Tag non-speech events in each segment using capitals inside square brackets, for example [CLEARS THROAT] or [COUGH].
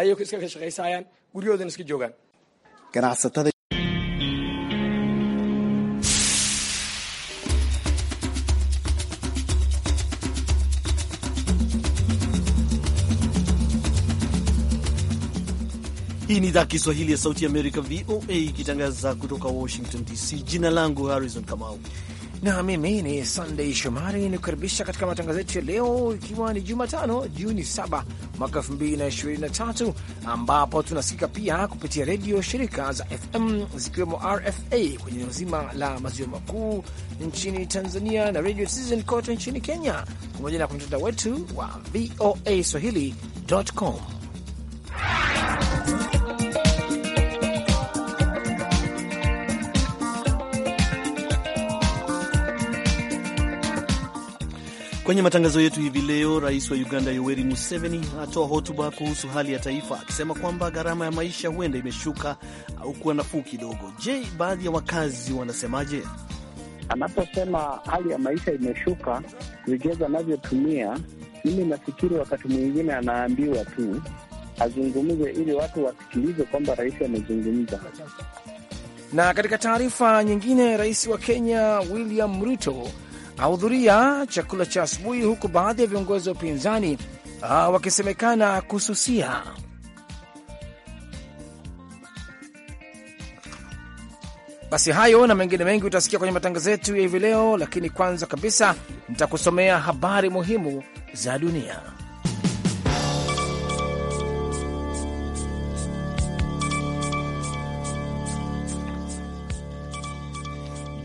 ayay iska kashaqaysayaan guryahoodan iska joogaan ganacsatada Hii ni idhaa Kiswahili ya Sauti ya Amerika, VOA, ikitangaza kutoka Washington DC. Jina langu Harrison Kamau na mimi ni Sunday Shomari ni kukaribisha katika matangazo yetu ya leo, ikiwa ni Jumatano Juni 7 mwaka 2023, ambapo tunasikika pia kupitia redio shirika za FM zikiwemo RFA kwenye eneo zima la maziwa makuu nchini Tanzania na Radio Citizen kote nchini Kenya, pamoja na kwenye mtandao wetu wa VOA swahili.com. Kwenye matangazo yetu hivi leo, rais wa Uganda Yoweri Museveni atoa hotuba kuhusu hali ya taifa akisema kwamba gharama ya maisha huenda imeshuka au kuwa nafuu kidogo. Je, baadhi ya wakazi wanasemaje? Anaposema hali ya maisha imeshuka, vigezo anavyotumia, mimi nafikiri wakati mwingine anaambiwa tu azungumze ili watu wasikilize kwamba rais amezungumza. Na katika taarifa nyingine, rais wa Kenya William Ruto ahudhuria chakula cha asubuhi, huku baadhi ya viongozi wa upinzani ah, wakisemekana kususia. Basi hayo na mengine mengi utasikia kwenye matangazo yetu ya hivi leo, lakini kwanza kabisa nitakusomea habari muhimu za dunia.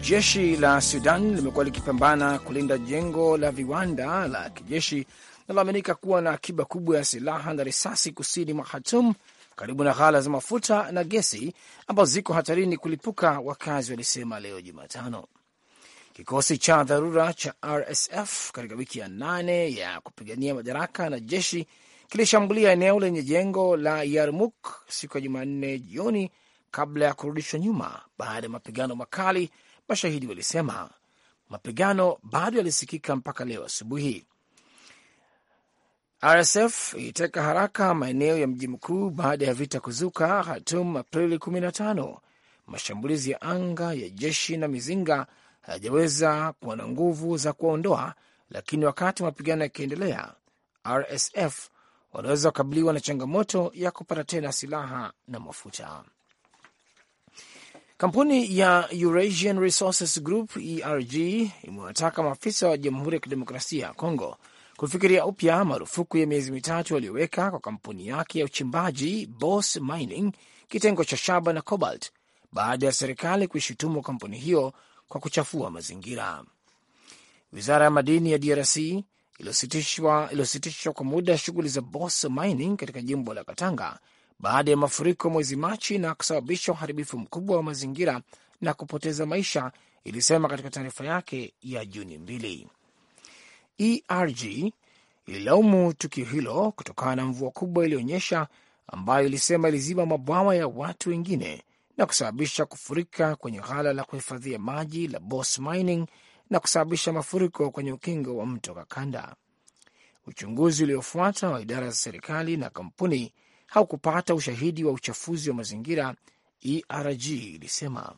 Jeshi la Sudan limekuwa likipambana kulinda jengo la viwanda la kijeshi linaloaminika kuwa na akiba kubwa ya silaha na risasi kusini mwa Khartoum, karibu na ghala za mafuta na gesi ambazo ziko hatarini kulipuka, wakazi walisema leo Jumatano. Kikosi cha dharura cha RSF katika wiki ya nane ya kupigania madaraka na jeshi kilishambulia eneo lenye jengo la Yarmuk siku ya Jumanne jioni kabla ya kurudishwa nyuma baada ya mapigano makali mashahidi walisema. Mapigano bado yalisikika mpaka leo asubuhi. RSF iliteka haraka maeneo ya mji mkuu baada ya vita kuzuka Khartoum Aprili 15. Mashambulizi ya anga ya jeshi na mizinga hayajaweza kuwa na nguvu za kuwaondoa, lakini wakati mapigano yakiendelea, RSF wanaweza kukabiliwa na changamoto ya kupata tena silaha na mafuta. Kampuni ya Eurasian Resources Group ERG imewataka maafisa wa Jamhuri ya Kidemokrasia ya Kongo kufikiria upya marufuku ya miezi mitatu yaliyoweka kwa kampuni yake ya uchimbaji Boss Mining kitengo cha shaba na cobalt baada ya serikali kuishutumu kampuni hiyo kwa kuchafua mazingira. Wizara ya madini ya DRC iliositishwa kwa muda shughuli za Boss Mining katika jimbo la Katanga baada ya mafuriko mwezi Machi na kusababisha uharibifu mkubwa wa mazingira na kupoteza maisha, ilisema katika taarifa yake ya Juni mbili. ERG ililaumu tukio hilo kutokana na mvua kubwa iliyonyesha ambayo ilisema iliziba mabwawa ya watu wengine na kusababisha kufurika kwenye ghala la kuhifadhia maji la Boss Mining na kusababisha mafuriko kwenye ukingo wa mto Kakanda. Uchunguzi uliofuata wa idara za serikali na kampuni haukupata ushahidi wa uchafuzi wa mazingira, ERG ilisema.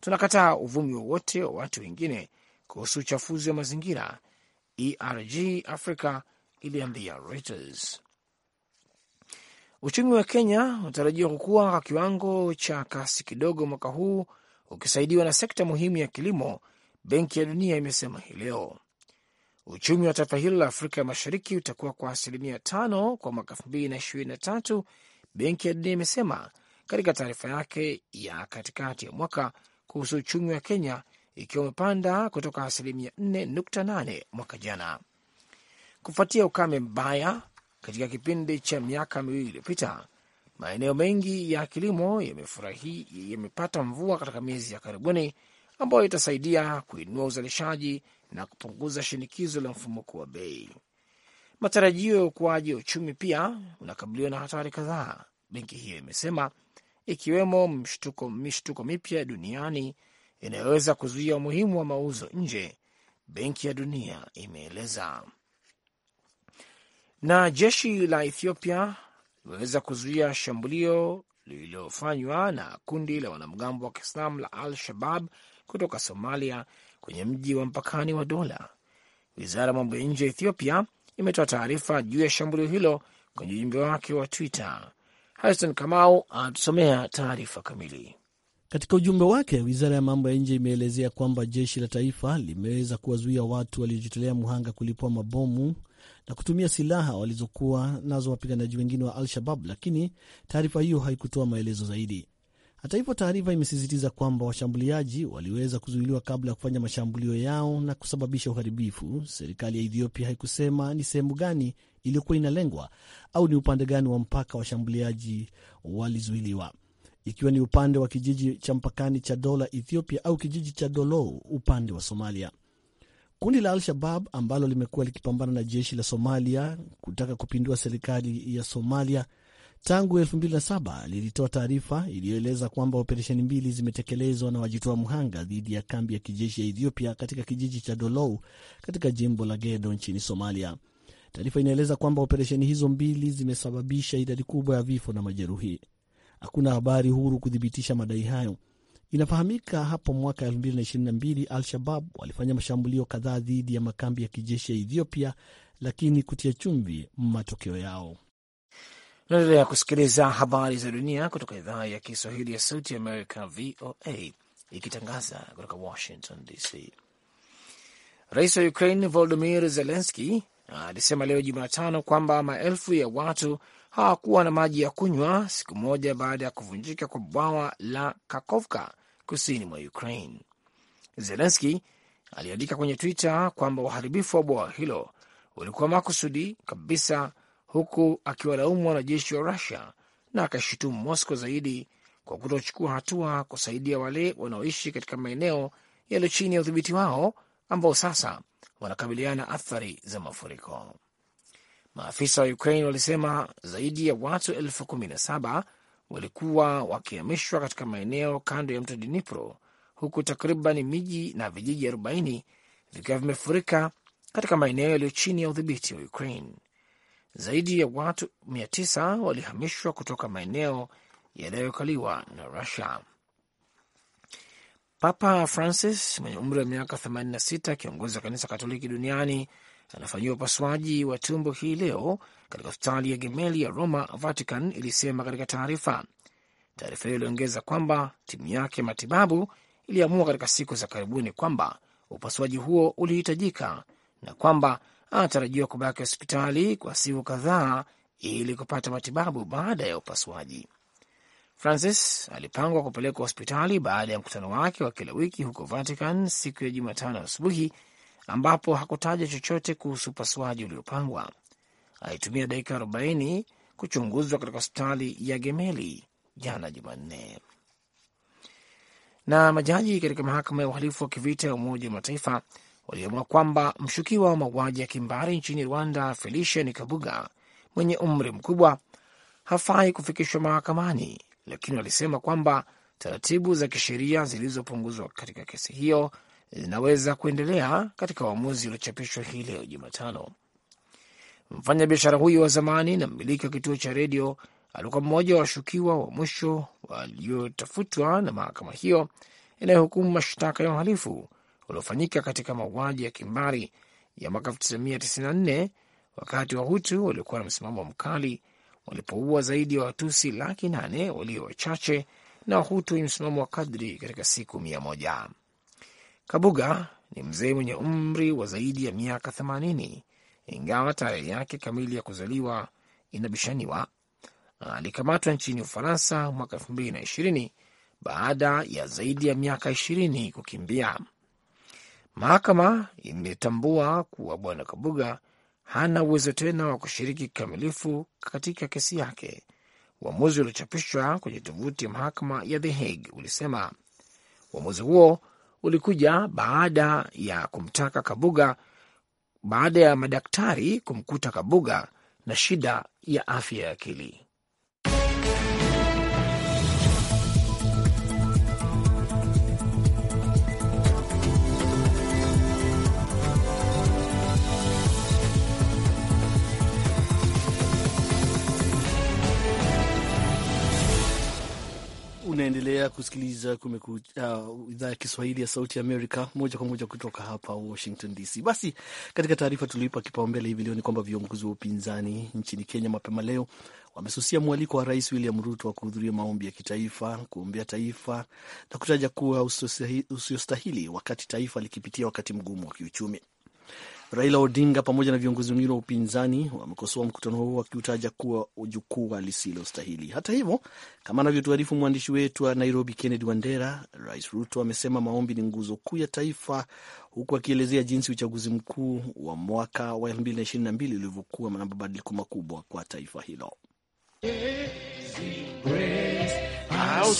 Tunakataa uvumi wowote wa watu wengine kuhusu uchafuzi wa mazingira, ERG Africa iliambia Reuters. Uchumi wa Kenya unatarajiwa kukua kwa kiwango cha kasi kidogo mwaka huu ukisaidiwa na sekta muhimu ya kilimo, Benki ya Dunia imesema hii leo. Uchumi wa taifa hilo la Afrika ya Mashariki utakuwa kwa asilimia tano kwa mwaka elfu mbili na ishirini na tatu, Benki ya Dunia imesema katika taarifa yake ya katikati ya mwaka kuhusu uchumi wa Kenya, ikiwa umepanda kutoka asilimia nane mwaka jana, kufuatia ukame mbaya katika kipindi cha miaka miwili iliyopita. Maeneo mengi ya kilimo yamepata mvua katika miezi ya karibuni, ambayo itasaidia kuinua uzalishaji na kupunguza shinikizo la mfumuko wa bei. Matarajio ya ukuaji wa uchumi pia unakabiliwa na hatari kadhaa, benki hiyo imesema, ikiwemo mishtuko mipya duniani inayoweza kuzuia umuhimu wa mauzo nje, benki ya dunia imeeleza. Na jeshi la Ethiopia limeweza kuzuia shambulio lililofanywa na kundi la wanamgambo wa Kiislamu la Al Shabab kutoka Somalia kwenye mji wa mpakani wa Dola. Wizara ya mambo ya nje ya Ethiopia imetoa taarifa juu ya shambulio hilo kwenye ujumbe wake wa Twitter. Harison Kamau anatusomea taarifa kamili. Katika ujumbe wake, wizara ya mambo ya nje imeelezea kwamba jeshi la taifa limeweza kuwazuia watu waliojitolea mhanga kulipua mabomu na kutumia silaha walizokuwa nazo wapiganaji wengine wa Al-Shabab, lakini taarifa hiyo haikutoa maelezo zaidi. Hata hivyo, taarifa imesisitiza kwamba washambuliaji waliweza kuzuiliwa kabla ya kufanya mashambulio yao na kusababisha uharibifu. Serikali ya Ethiopia haikusema ni sehemu gani iliyokuwa inalengwa au ni upande gani wa mpaka washambuliaji walizuiliwa, ikiwa ni upande wa kijiji cha mpakani cha Dola Ethiopia au kijiji cha Dolo upande wa Somalia. Kundi la Al-Shabab ambalo limekuwa likipambana na jeshi la Somalia kutaka kupindua serikali ya Somalia Tangu 2007 lilitoa taarifa iliyoeleza kwamba operesheni mbili zimetekelezwa na wajitoa mhanga dhidi ya kambi ya kijeshi ya Ethiopia katika kijiji cha Dolou katika jimbo la Gedo nchini Somalia. Taarifa inaeleza kwamba operesheni hizo mbili zimesababisha idadi kubwa ya vifo na majeruhi. Hakuna habari huru kuthibitisha madai hayo. Inafahamika hapo mwaka 2022 Al-Shabab walifanya mashambulio kadhaa dhidi ya makambi ya kijeshi ya Ethiopia, lakini kutia chumvi matokeo yao. Unaendelea kusikiliza habari za dunia kutoka idhaa ya Kiswahili ya Sauti ya Amerika, VOA, ikitangaza kutoka Washington DC. Rais wa Ukraine Volodimir Zelenski alisema leo Jumatano kwamba maelfu ya watu hawakuwa na maji ya kunywa siku moja baada ya kuvunjika kwa bwawa la Kakovka kusini mwa Ukraine. Zelenski aliandika kwenye Twitter kwamba uharibifu wa bwawa hilo ulikuwa makusudi kabisa huku akiwalaumu wanajeshi wa Rusia na akashutumu Moscow zaidi kwa kutochukua hatua kusaidia wale wanaoishi katika maeneo yaliyo chini ya udhibiti wao ambao sasa wanakabiliana athari za mafuriko. Maafisa wa Ukraine walisema zaidi ya watu elfu kumi na saba walikuwa wakihamishwa katika maeneo kando ya mto Dnipro, huku takriban miji na vijiji 40 vikiwa vimefurika katika maeneo yaliyo chini ya udhibiti wa Ukraine. Zaidi ya watu 900 walihamishwa kutoka maeneo yanayokaliwa na Rusia. Papa Francis mwenye umri wa miaka 86, kiongozi wa kanisa Katoliki duniani, anafanyiwa upasuaji wa tumbo hii leo katika hospitali ya Gemelli ya Roma, Vatican ilisema katika taarifa. Taarifa hiyo iliongeza kwamba timu yake matibabu iliamua katika siku za karibuni kwamba upasuaji huo ulihitajika na kwamba anatarajiwa kubaki hospitali kwa siku kadhaa ili kupata matibabu baada ya upasuaji. Francis alipangwa kupelekwa hospitali baada ya mkutano wake wa kila wiki huko Vatican siku ya Jumatano asubuhi, ambapo hakutaja chochote kuhusu upasuaji uliopangwa. Alitumia dakika 40 kuchunguzwa katika hospitali ya Gemeli jana Jumanne. Na majaji katika mahakama ya uhalifu wa kivita ya Umoja wa Mataifa waliamua kwamba mshukiwa wa mauaji ya kimbari nchini Rwanda, Felicien Kabuga, mwenye umri mkubwa, hafai kufikishwa mahakamani, lakini walisema kwamba taratibu za kisheria zilizopunguzwa katika kesi hiyo zinaweza kuendelea katika uamuzi uliochapishwa hii leo Jumatano. Mfanyabiashara huyo wa zamani na mmiliki wa kituo cha redio alikuwa mmoja wa washukiwa wa mwisho waliotafutwa na mahakama hiyo inayohukumu mashtaka ya uhalifu uliofanyika katika mauaji ya kimbari ya mwaka 1994 wakati Wahutu waliokuwa na msimamo mkali walipoua zaidi ya Watusi laki nane walio wachache na Wahutu wenye msimamo wa kadri katika siku mia moja. Kabuga ni mzee mwenye umri wa zaidi ya miaka 80 ingawa tarehe yake kamili ya kuzaliwa inabishaniwa. Alikamatwa nchini Ufaransa mwaka elfu mbili na ishirini baada ya zaidi ya miaka ishirini kukimbia. Mahakama imetambua kuwa Bwana Kabuga hana uwezo tena wa kushiriki kikamilifu katika kesi yake. Uamuzi uliochapishwa kwenye tovuti ya mahakama ya The Hague ulisema uamuzi huo ulikuja baada ya kumtaka Kabuga, baada ya madaktari kumkuta Kabuga na shida ya afya ya akili. Unaendelea kusikiliza Kumekucha, uh, idhaa ya Kiswahili ya Sauti ya Amerika moja kwa moja kutoka hapa Washington DC. Basi katika taarifa tulioipa kipaumbele hivi leo ni kwamba viongozi wa upinzani nchini Kenya mapema leo wamesusia mwaliko wa Rais William Ruto wa kuhudhuria maombi ya kitaifa kuombea taifa na kutaja kuwa usiostahili, wakati taifa likipitia wakati mgumu wa kiuchumi. Raila Odinga pamoja na viongozi wengine wa upinzani wamekosoa mkutano huo wakiutaja kuwa jukwaa lisilostahili. Hata hivyo, kama anavyotuarifu mwandishi wetu wa Nairobi, Kennedy Wandera, Rais Ruto amesema maombi ni nguzo kuu ya taifa, huku akielezea jinsi uchaguzi mkuu wa mwaka wa 2022 ulivyokuwa na mabadiliko makubwa kwa taifa hilo. I'll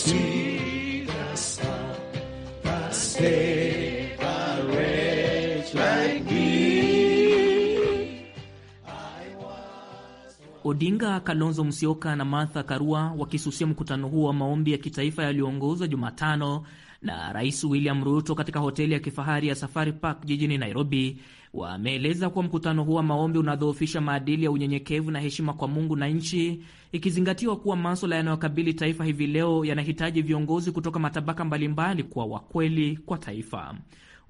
Odinga, Kalonzo Musyoka na Martha Karua wakisusia mkutano huo wa maombi ya kitaifa yaliyoongozwa Jumatano na Rais William Ruto katika hoteli ya kifahari ya Safari Park jijini Nairobi, wameeleza kuwa mkutano huo wa maombi unadhoofisha maadili ya unyenyekevu na heshima kwa Mungu na nchi, ikizingatiwa kuwa maswala yanayokabili taifa hivi leo yanahitaji viongozi kutoka matabaka mbalimbali kwa wakweli kwa taifa.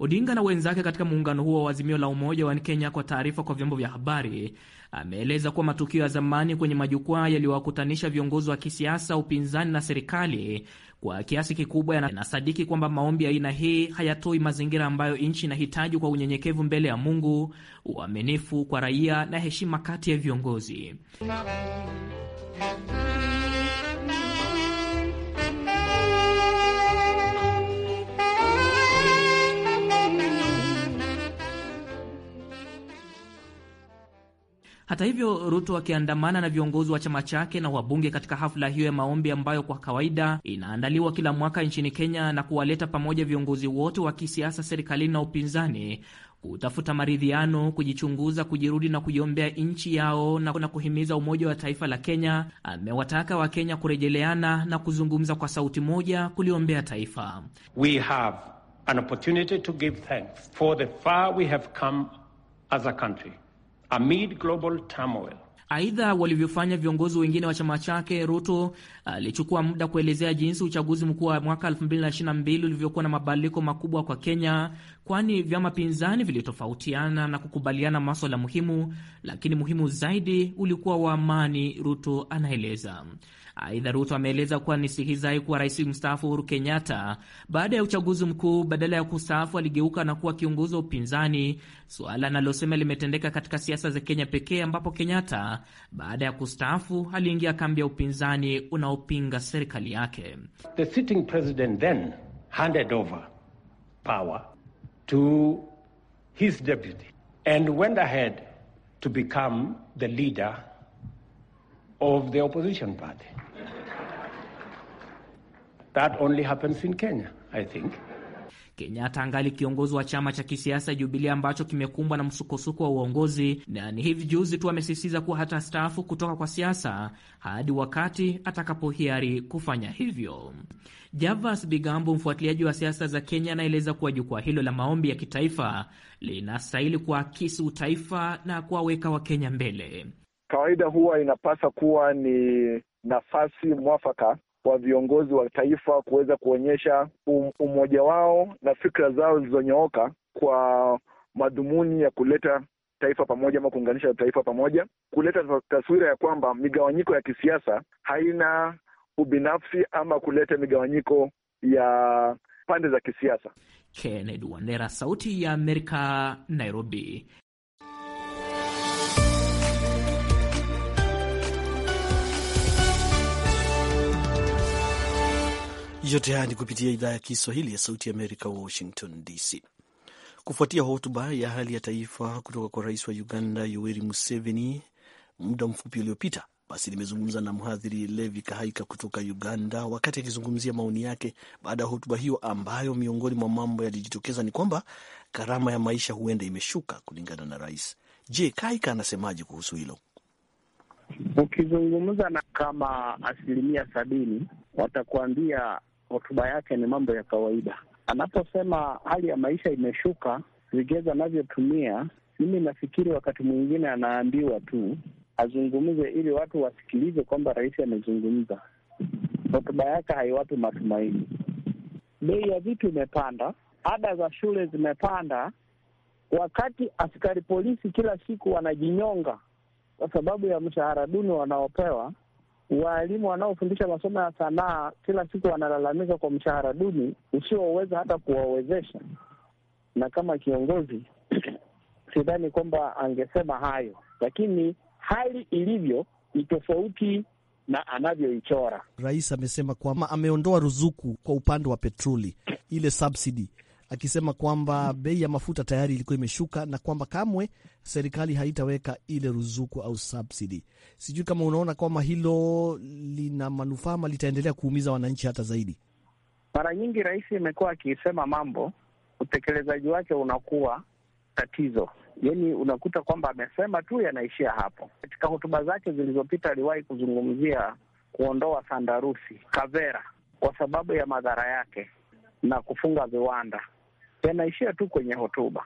Odinga na wenzake katika muungano huo wa Azimio la Umoja wa Kenya, kwa taarifa kwa vyombo vya habari, ameeleza kuwa matukio ya zamani kwenye majukwaa yaliyowakutanisha viongozi wa kisiasa, upinzani na serikali kwa kiasi kikubwa yanasadiki kwamba maombi ya aina hii hayatoi mazingira ambayo nchi inahitaji kwa unyenyekevu mbele ya Mungu, uaminifu kwa raia na heshima kati ya viongozi Hata hivyo, Ruto akiandamana na viongozi wa chama chake na wabunge katika hafla hiyo ya maombi ambayo kwa kawaida inaandaliwa kila mwaka nchini Kenya na kuwaleta pamoja viongozi wote wa kisiasa, serikalini na upinzani kutafuta maridhiano, kujichunguza, kujirudi na kujiombea nchi yao na, na kuhimiza umoja wa taifa la Kenya. Amewataka Wakenya kurejeleana na kuzungumza kwa sauti moja kuliombea taifa. We have an opportunity to give thanks for the far we have come as a country amid global turmoil. Aidha, walivyofanya viongozi wengine wa chama chake, Ruto alichukua uh, muda kuelezea jinsi uchaguzi mkuu wa mwaka 2022 ulivyokuwa na mabadiliko makubwa kwa Kenya kwani vyama pinzani vilitofautiana na kukubaliana maswala muhimu, lakini muhimu zaidi ulikuwa wa amani, Ruto anaeleza. Aidha, Ruto ameeleza kuwa ni sihizai kuwa rais mstaafu Uhuru Kenyatta baada ya uchaguzi mkuu, badala ya kustaafu aligeuka na kuwa kiongozi wa upinzani, suala analosema limetendeka katika siasa za Kenya pekee, ambapo Kenyatta baada ya kustaafu aliingia kambi ya upinzani unaopinga serikali yake. The sitting president then handed over power to his deputy and went ahead to become the leader of the opposition party. that only happens in Kenya, I think. Kenyatta angali kiongozi wa chama cha kisiasa jubilia ambacho kimekumbwa na msukosuko wa uongozi, na ni hivi juzi tu amesisitiza kuwa hata staafu kutoka kwa siasa hadi wakati atakapohiari kufanya hivyo. Javas Bigambo, mfuatiliaji wa siasa za Kenya, anaeleza kuwa jukwaa hilo la maombi ya kitaifa linastahili kuakisi utaifa na kuwaweka Wakenya mbele. Kawaida huwa inapasa kuwa ni nafasi mwafaka kwa viongozi wa taifa kuweza kuonyesha um, umoja wao na fikra zao zilizonyooka kwa madhumuni ya kuleta taifa pamoja ama kuunganisha taifa pamoja, kuleta taswira ya kwamba migawanyiko ya kisiasa haina ubinafsi ama kuleta migawanyiko ya pande za kisiasa. Kennedy Wandera, Sauti ya Amerika, Nairobi. Yote haya ni kupitia idhaa ya Kiswahili ya Sauti ya Amerika, Washington DC. Kufuatia hotuba ya hali ya taifa kutoka kwa rais wa Uganda Yoweri Museveni muda mfupi uliopita, basi nimezungumza na mhadhiri Levi Kahaika kutoka Uganda, wakati akizungumzia maoni yake baada ya hotuba hiyo, ambayo miongoni mwa mambo yalijitokeza ni kwamba gharama ya maisha huenda imeshuka kulingana na rais. Je, Kahaika anasemaje kuhusu hilo? Ukizungumza na kama asilimia sabini watakuambia hotuba yake ni mambo ya kawaida. Anaposema hali ya maisha imeshuka, vigezo anavyotumia, mimi nafikiri wakati mwingine anaambiwa tu azungumze ili watu wasikilize kwamba rais amezungumza. Hotuba yake haiwapi matumaini. Bei ya vitu imepanda, ada za shule zimepanda, wakati askari polisi kila siku wanajinyonga kwa sababu ya mshahara duni wanaopewa. Waalimu wanaofundisha masomo ya sanaa kila siku wanalalamika kwa mshahara duni usioweza hata kuwawezesha, na kama kiongozi [CLEARS THROAT] sidhani kwamba angesema hayo, lakini hali ilivyo ni tofauti na anavyoichora rais. Amesema kwamba ameondoa ruzuku kwa upande wa petroli, ile subsidy akisema kwamba bei ya mafuta tayari ilikuwa imeshuka na kwamba kamwe serikali haitaweka ile ruzuku au subsidy. Sijui kama unaona kwamba hilo lina manufaa ama litaendelea kuumiza wananchi hata zaidi. Mara nyingi rais imekuwa akisema mambo, utekelezaji wake unakuwa tatizo. Yani unakuta kwamba amesema tu yanaishia hapo. Katika hotuba zake zilizopita aliwahi kuzungumzia kuondoa sandarusi, kavera, kwa sababu ya madhara yake na kufunga viwanda yanaishia tu kwenye hotuba.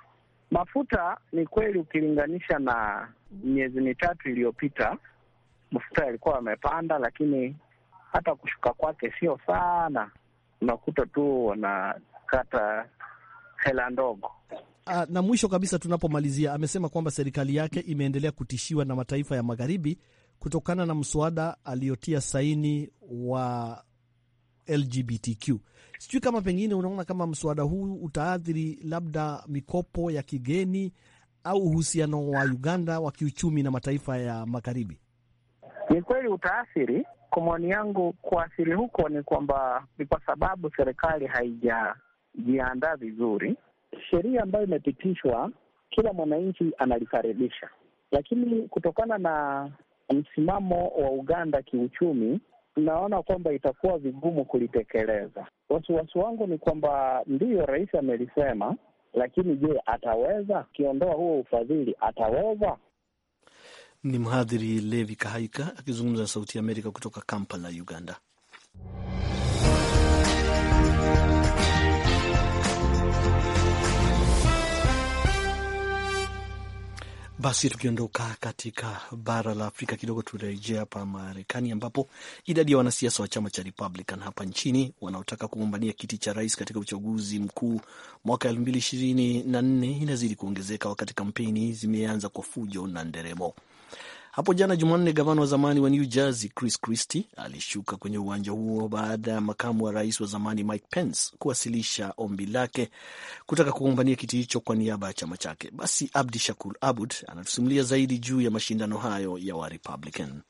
Mafuta ni kweli, ukilinganisha na miezi mitatu iliyopita, mafuta yalikuwa yamepanda, lakini hata kushuka kwake sio sana, unakuta tu wanakata hela ndogo. Aa, ah, na mwisho kabisa tunapomalizia, amesema kwamba serikali yake imeendelea kutishiwa na mataifa ya magharibi kutokana na mswada aliyotia saini wa LGBTQ. Sijui kama pengine unaona kama mswada huu utaathiri labda mikopo ya kigeni au uhusiano wa Uganda wa kiuchumi na mataifa ya magharibi. Ni kweli utaathiri. Kwa maoni yangu, kuathiri huko ni kwamba ni kwa sababu serikali haijajiandaa vizuri. Sheria ambayo imepitishwa kila mwananchi analikaribisha, lakini kutokana na msimamo wa Uganda kiuchumi naona kwamba itakuwa vigumu kulitekeleza. Wasiwasi wangu ni kwamba ndiyo, rais amelisema, lakini je, ataweza? Akiondoa huo ufadhili ataweza? Ni mhadhiri Levi Kahaika akizungumza na Sauti ya Amerika kutoka Kampala, Uganda. Basi tukiondoka katika bara la Afrika kidogo, turejea hapa Marekani ambapo idadi ya wanasiasa wa chama cha Republican hapa nchini wanaotaka kugombania kiti cha rais katika uchaguzi mkuu mwaka elfu mbili ishirini na nne inazidi kuongezeka wakati kampeni zimeanza kwa fujo na nderemo. Hapo jana Jumanne, gavana wa zamani wa New Jersey Chris Christie alishuka kwenye uwanja huo baada ya makamu wa rais wa zamani Mike Pence kuwasilisha ombi lake kutaka kugombania kiti hicho kwa niaba ya chama chake. Basi Abdi Shakur Abud anatusimulia zaidi juu ya mashindano hayo ya Warepublican.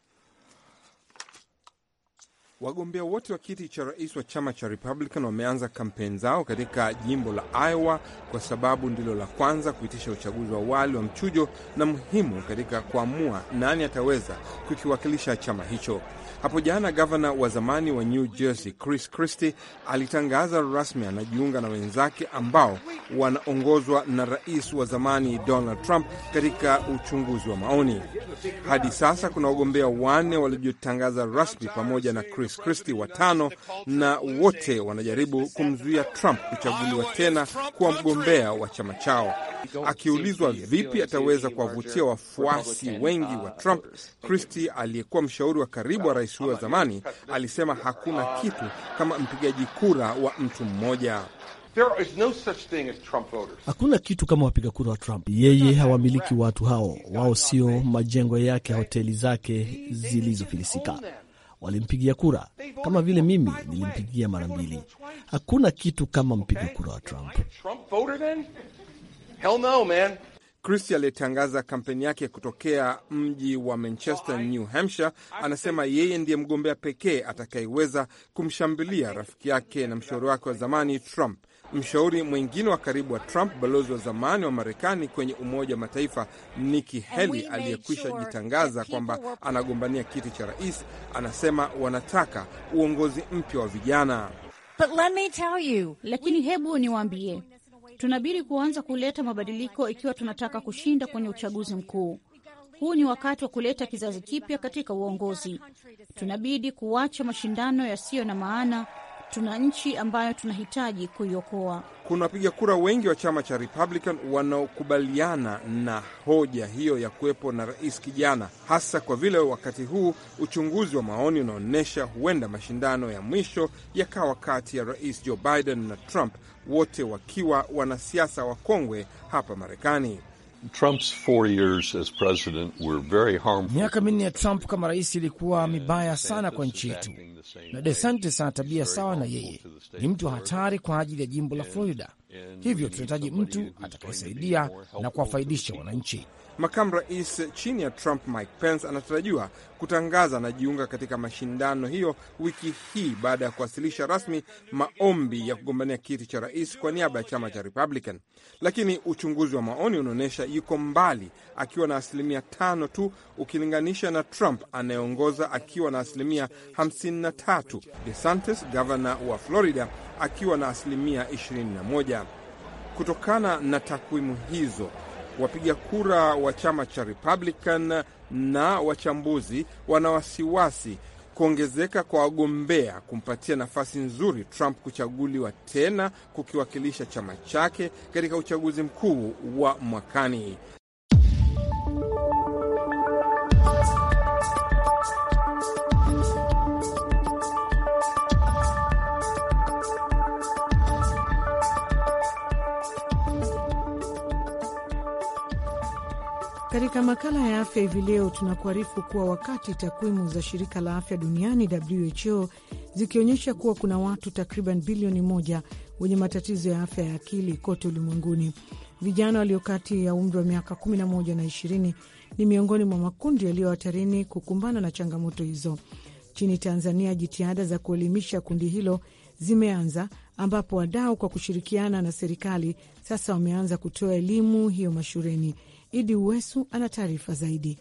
Wagombea wote wa kiti cha rais wa chama cha Republican wameanza kampeni zao katika jimbo la Iowa kwa sababu ndilo la kwanza kuitisha uchaguzi wa awali wa mchujo na muhimu katika kuamua nani ataweza kukiwakilisha chama hicho. Hapo jana gavana wa zamani wa New Jersey Chris Christie alitangaza rasmi anajiunga na wenzake ambao wanaongozwa na rais wa zamani Donald Trump katika uchunguzi wa maoni. Hadi sasa kuna wagombea wanne waliojitangaza rasmi pamoja na Chris Christie watano, na wote wanajaribu kumzuia Trump kuchaguliwa tena kuwa mgombea wa chama chao. Akiulizwa vipi ataweza kuwavutia wafuasi wengi wa Trump, Christie aliyekuwa mshauri wa karibu wa rais huyo wa zamani alisema hakuna kitu kama mpigaji kura wa mtu mmoja. No, hakuna kitu kama wapiga kura wa Trump. Yeye hawamiliki watu hao, wao sio majengo yake, hoteli zake zilizofilisika. Walimpigia kura kama vile mimi nilimpigia mara mbili. Hakuna kitu kama mpiga kura wa Trump. Christi aliyetangaza kampeni yake kutokea mji wa Manchester, New Hampshire, anasema yeye ndiye mgombea pekee atakayeweza kumshambulia rafiki yake na mshauri wake wa zamani Trump. Mshauri mwingine wa karibu wa Trump, balozi wa zamani wa Marekani kwenye Umoja wa Mataifa Nikki Haley, aliyekwisha jitangaza kwamba anagombania kiti cha rais, anasema wanataka uongozi mpya wa vijana. But let me tell you, lakini hebu niwaambie Tunabidi kuanza kuleta mabadiliko ikiwa tunataka kushinda kwenye uchaguzi mkuu. Huu ni wakati wa kuleta kizazi kipya katika uongozi. Tunabidi kuacha mashindano yasiyo na maana tuna nchi ambayo tunahitaji kuiokoa. Kuna wapiga kura wengi wa chama cha Republican wanaokubaliana na hoja hiyo ya kuwepo na rais kijana, hasa kwa vile wakati huu uchunguzi wa maoni unaonyesha huenda mashindano ya mwisho yakawa kati ya rais Joe Biden na Trump, wote wakiwa wanasiasa wakongwe hapa Marekani. Trump's four years as president were very harmful. Miaka minne ya Trump kama rais ilikuwa mibaya sana kwa nchi yetu, na DeSantis ana tabia sawa na yeye, ni mtu hatari kwa ajili ya jimbo la Florida Hivyo tunahitaji mtu atakayesaidia na kuwafaidisha wananchi. Makamu rais chini ya Trump Mike Pence anatarajiwa kutangaza anajiunga katika mashindano hiyo wiki hii baada ya kuwasilisha rasmi maombi ya kugombania kiti cha rais kwa niaba ya chama cha Republican, lakini uchunguzi wa maoni unaonyesha yuko mbali akiwa na asilimia tano tu ukilinganisha na Trump anayeongoza akiwa na asilimia 53. DeSantis gavana wa Florida akiwa na asilimia 21. Kutokana na takwimu hizo, wapiga kura wa chama cha Republican na wachambuzi wana wasiwasi kuongezeka kwa wagombea kumpatia nafasi nzuri Trump kuchaguliwa tena kukiwakilisha chama chake katika uchaguzi mkuu wa mwakani. Katika makala ya afya hivi leo tunakuarifu kuwa wakati takwimu za shirika la afya duniani WHO zikionyesha kuwa kuna watu takriban bilioni moja wenye matatizo ya afya ya akili kote ulimwenguni, vijana walio kati ya umri wa miaka 11 na 20 ni miongoni mwa makundi yaliyo hatarini kukumbana na changamoto hizo. Nchini Tanzania, jitihada za kuelimisha kundi hilo zimeanza, ambapo wadau kwa kushirikiana na serikali sasa wameanza kutoa elimu hiyo mashuleni. Idi Uwesu ana taarifa zaidi.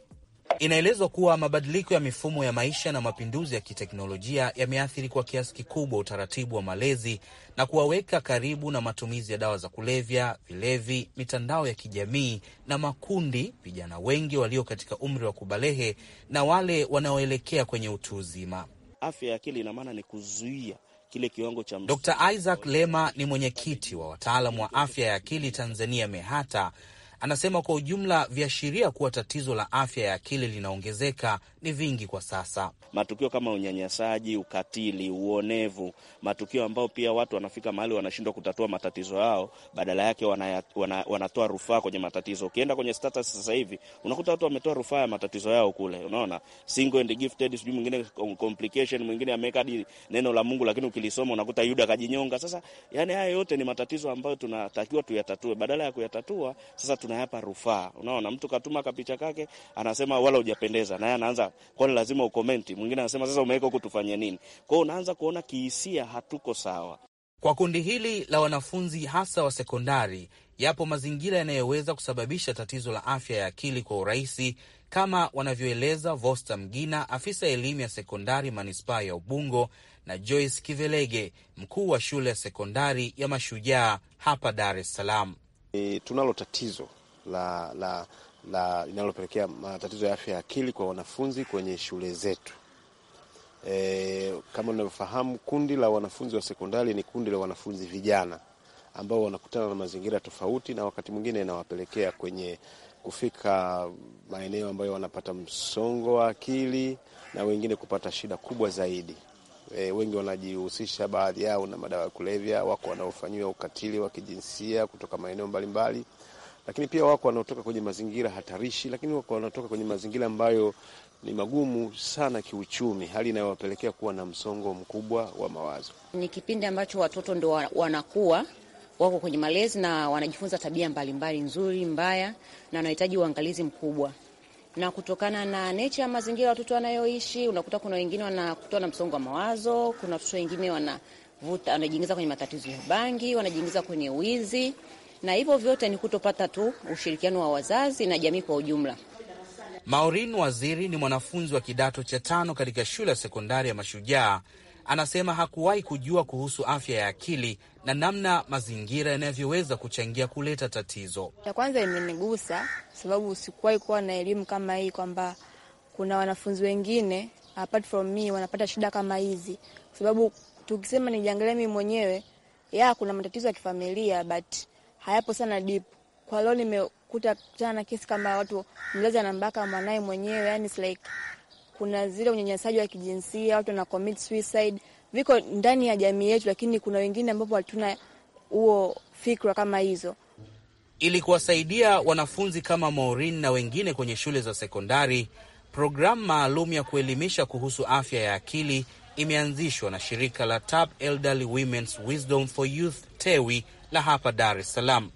Inaelezwa kuwa mabadiliko ya mifumo ya maisha na mapinduzi ya kiteknolojia yameathiri kwa kiasi kikubwa utaratibu wa malezi na kuwaweka karibu na matumizi ya dawa za kulevya, vilevi, mitandao ya kijamii na makundi, vijana wengi walio katika umri wa kubalehe na wale wanaoelekea kwenye utu uzima. Afya ya akili ina maana ni kuzuia kile kiwango cha Dr. Isaac Lema ni mwenyekiti wa wataalamu wa afya ya akili Tanzania, MEHATA Anasema kwa ujumla viashiria kuwa tatizo la afya ya akili linaongezeka ni vingi kwa sasa. Matukio kama unyanyasaji, ukatili, uonevu, matukio ambayo pia watu wanafika mahali wanashindwa kutatua matatizo yao, badala yake wanaya, wana, wanatoa rufaa kwenye matatizo. Ukienda kwenye status sasa hivi unakuta watu wametoa rufaa ya matatizo yao kule, unaona single and gifted, sijui mwingine complication, mwingine ameweka hadi neno la Mungu, lakini ukilisoma unakuta Yuda kajinyonga. Sasa yani haya yote ni matatizo ambayo tunatakiwa tuyatatue, badala ya kuyatatua sasa tuna tunayapa rufaa. Unaona, mtu katuma kapicha kake anasema wala hujapendeza, naye anaanza kwani lazima ukomenti. Mwingine anasema sasa umeweka huku tufanye nini? Kwao unaanza kuona kihisia hatuko sawa. Kwa kundi hili la wanafunzi hasa wa sekondari, yapo mazingira yanayoweza kusababisha tatizo la afya ya akili kwa urahisi, kama wanavyoeleza Vosta Mgina, afisa elimu ya sekondari manispaa ya Ubungo, na Joyce Kivelege, mkuu wa shule ya sekondari ya Mashujaa hapa Dar es Salaam. E, tunalo tatizo la, la, la linalopelekea matatizo ya afya ya akili kwa wanafunzi kwenye shule zetu. E, kama unavyofahamu kundi la wanafunzi wa sekondari ni kundi la wanafunzi vijana ambao wanakutana na mazingira tofauti, na wakati mwingine inawapelekea kwenye kufika maeneo ambayo wanapata msongo wa akili na wengine kupata shida kubwa zaidi. E, wengi wanajihusisha baadhi yao na madawa ya kulevya, wako wanaofanyiwa ukatili wa kijinsia kutoka maeneo mbalimbali lakini pia wako wanaotoka kwenye mazingira hatarishi, lakini wako wanaotoka kwenye mazingira ambayo ni magumu sana kiuchumi, hali inayowapelekea kuwa na msongo mkubwa wa mawazo. Ni kipindi ambacho watoto ndo wanakuwa wako kwenye malezi na wanajifunza tabia mbalimbali mbali, nzuri, mbaya, na wanahitaji uangalizi mkubwa na kutokana na nature ya mazingira watoto wanayoishi, unakuta kuna wengine wanakutwa na msongo wa mawazo, kuna watoto wengine wanajiingiza kwenye matatizo ya bangi, wanajiingiza kwenye wizi, na hivyo vyote ni kutopata tu ushirikiano wa wazazi na jamii kwa ujumla. Maureen Waziri ni mwanafunzi wa kidato cha tano katika shule ya sekondari ya Mashujaa. Anasema hakuwahi kujua kuhusu afya ya akili na namna mazingira yanavyoweza kuchangia kuleta tatizo. Ya kwanza imenigusa sababu sikuwahi kuwa na elimu kama hii, kwamba kuna wanafunzi wengine apart from me wanapata shida kama hizi, kwa sababu tukisema nijiangalia mimi mwenyewe ya kuna matatizo ya kifamilia but hayapo sana deep. Kwa leo nimekuta kutana na kesi kama watu mzazi anambaka mwanae mwenyewe, yani it's like kuna zile unyanyasaji wa kijinsia, watu wana commit suicide, viko ndani ya jamii yetu, lakini kuna wengine ambapo hatuna huo fikra kama hizo. Ili kuwasaidia wanafunzi kama Maureen na wengine kwenye shule za sekondari, programu maalum ya kuelimisha kuhusu afya ya akili imeanzishwa na shirika la Tab Elderly Women's Wisdom for Youth Tewi la hapa Dar es Salaam.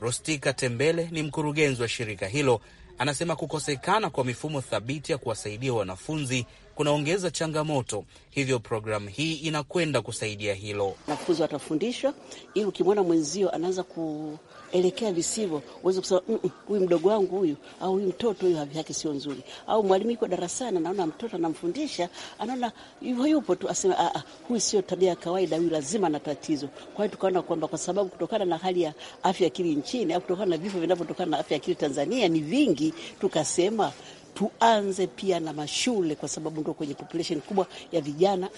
Rostika Tembele ni mkurugenzi wa shirika hilo, anasema kukosekana kwa mifumo thabiti ya kuwasaidia wanafunzi kunaongeza changamoto, hivyo programu hii inakwenda kusaidia hilo. Wanafunzi watafundishwa ili ukimwona mwenzio anaanza ku elekea visivyo, uweze kusema mm -mm, huyu mdogo wangu huyu au huyu mtoto huyu hali yake sio nzuri, au mwalimu yuko darasani, anaona mtoto anamfundisha, anaona yupo yupo tu, asema a, ah, ah, huyu sio tabia ya kawaida, huyu lazima na tatizo. Kwa hiyo tukaona kwamba kwa sababu kutokana na hali ya afya akili nchini au kutokana na vifo vinavyotokana na afya akili Tanzania ni vingi, tukasema tuanze pia na mashule kwa sababu ndio kwenye population kubwa ya vijana [COUGHS]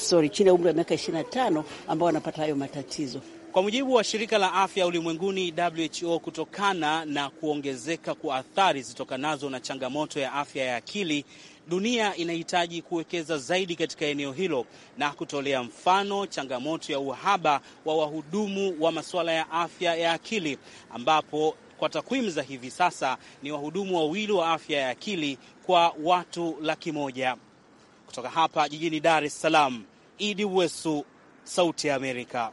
sorry, chini ya umri wa miaka 25 ambao wanapata hayo matatizo. Kwa mujibu wa shirika la afya ulimwenguni WHO, kutokana na kuongezeka kwa athari zitokanazo na changamoto ya afya ya akili, dunia inahitaji kuwekeza zaidi katika eneo hilo na kutolea mfano changamoto ya uhaba wa wahudumu wa masuala ya afya ya akili ambapo kwa takwimu za hivi sasa ni wahudumu wawili wa afya ya akili kwa watu laki moja. Kutoka hapa jijini Dar es Salaam, Idi Wesu, Sauti ya Amerika.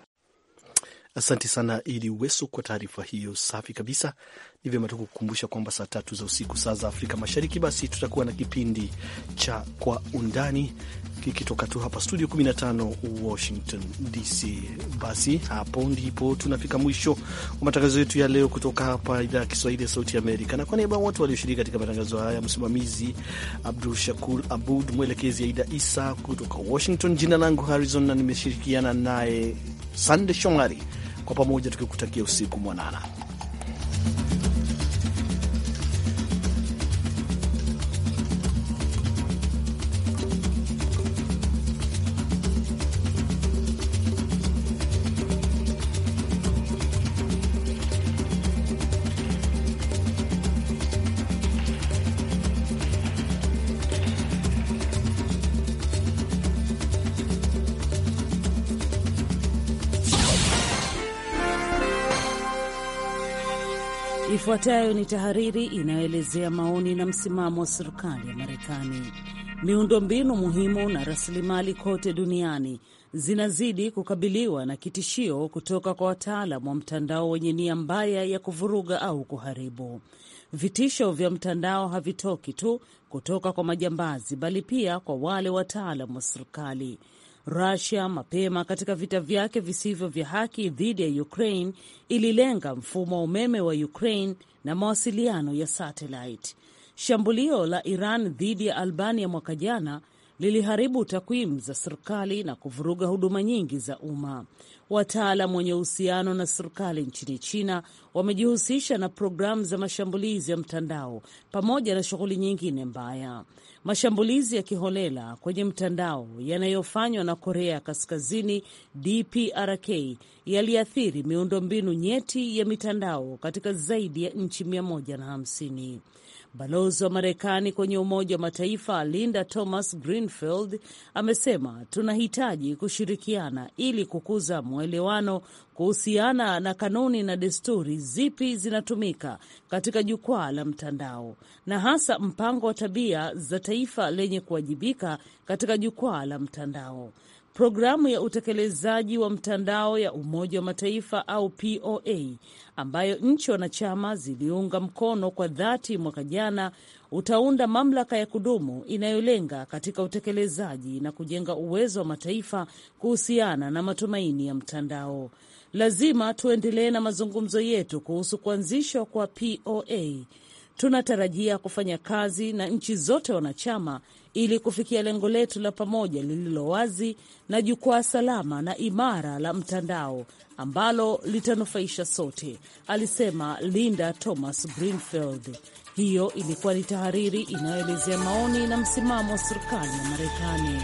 Asante sana Idi Weso kwa taarifa hiyo safi kabisa. Ni vyema tu kukumbusha kwamba saa tatu za usiku, saa za Afrika Mashariki, basi tutakuwa na kipindi cha Kwa Undani kikitoka tu hapa studio 15 Washington DC. Basi hapo ndipo tunafika mwisho wa matangazo yetu ya leo kutoka hapa idhaa ya Kiswahili ya Sauti Amerika, na kwa niaba wote watu walioshiriki katika matangazo haya, msimamizi Abdul Shakur Abud, mwelekezi Aida Isa kutoka Washington. Jina langu Harrison na nimeshirikiana naye Sande Shomari kwa pamoja tukikutakia usiku mwanana. Ifuatayo ni tahariri inayoelezea maoni na msimamo wa serikali ya Marekani. Miundombinu muhimu na rasilimali kote duniani zinazidi kukabiliwa na kitishio kutoka kwa wataalam wa mtandao wenye nia mbaya ya kuvuruga au kuharibu. Vitisho vya mtandao havitoki tu kutoka kwa majambazi, bali pia kwa wale wataalam wa serikali Rusia mapema katika vita vyake visivyo vya haki dhidi ya Ukraine ililenga mfumo wa umeme wa Ukraine na mawasiliano ya Shambulio la Iran dhidi ya Albania mwaka jana liliharibu takwimu za serikali na kuvuruga huduma nyingi za umma. Wataalam wenye uhusiano na serikali nchini China wamejihusisha na programu za mashambulizi ya mtandao pamoja na shughuli nyingine mbaya. Mashambulizi ya kiholela kwenye mtandao yanayofanywa na Korea Kaskazini DPRK yaliathiri miundombinu nyeti ya mitandao katika zaidi ya nchi 150. Balozi wa Marekani kwenye Umoja wa Mataifa Linda Thomas Greenfield amesema tunahitaji kushirikiana ili kukuza mwelewano kuhusiana na kanuni na desturi zipi zinatumika katika jukwaa la mtandao na hasa mpango wa tabia za taifa lenye kuwajibika katika jukwaa la mtandao programu ya utekelezaji wa mtandao ya Umoja wa Mataifa au POA ambayo nchi wanachama ziliunga mkono kwa dhati mwaka jana utaunda mamlaka ya kudumu inayolenga katika utekelezaji na kujenga uwezo wa mataifa kuhusiana na matumaini ya mtandao. Lazima tuendelee na mazungumzo yetu kuhusu kuanzishwa kwa POA. Tunatarajia kufanya kazi na nchi zote wanachama ili kufikia lengo letu la pamoja lililo wazi na jukwaa salama na imara la mtandao ambalo litanufaisha sote, alisema Linda Thomas Greenfield. Hiyo ilikuwa ni tahariri inayoelezea maoni na msimamo wa serikali ya Marekani.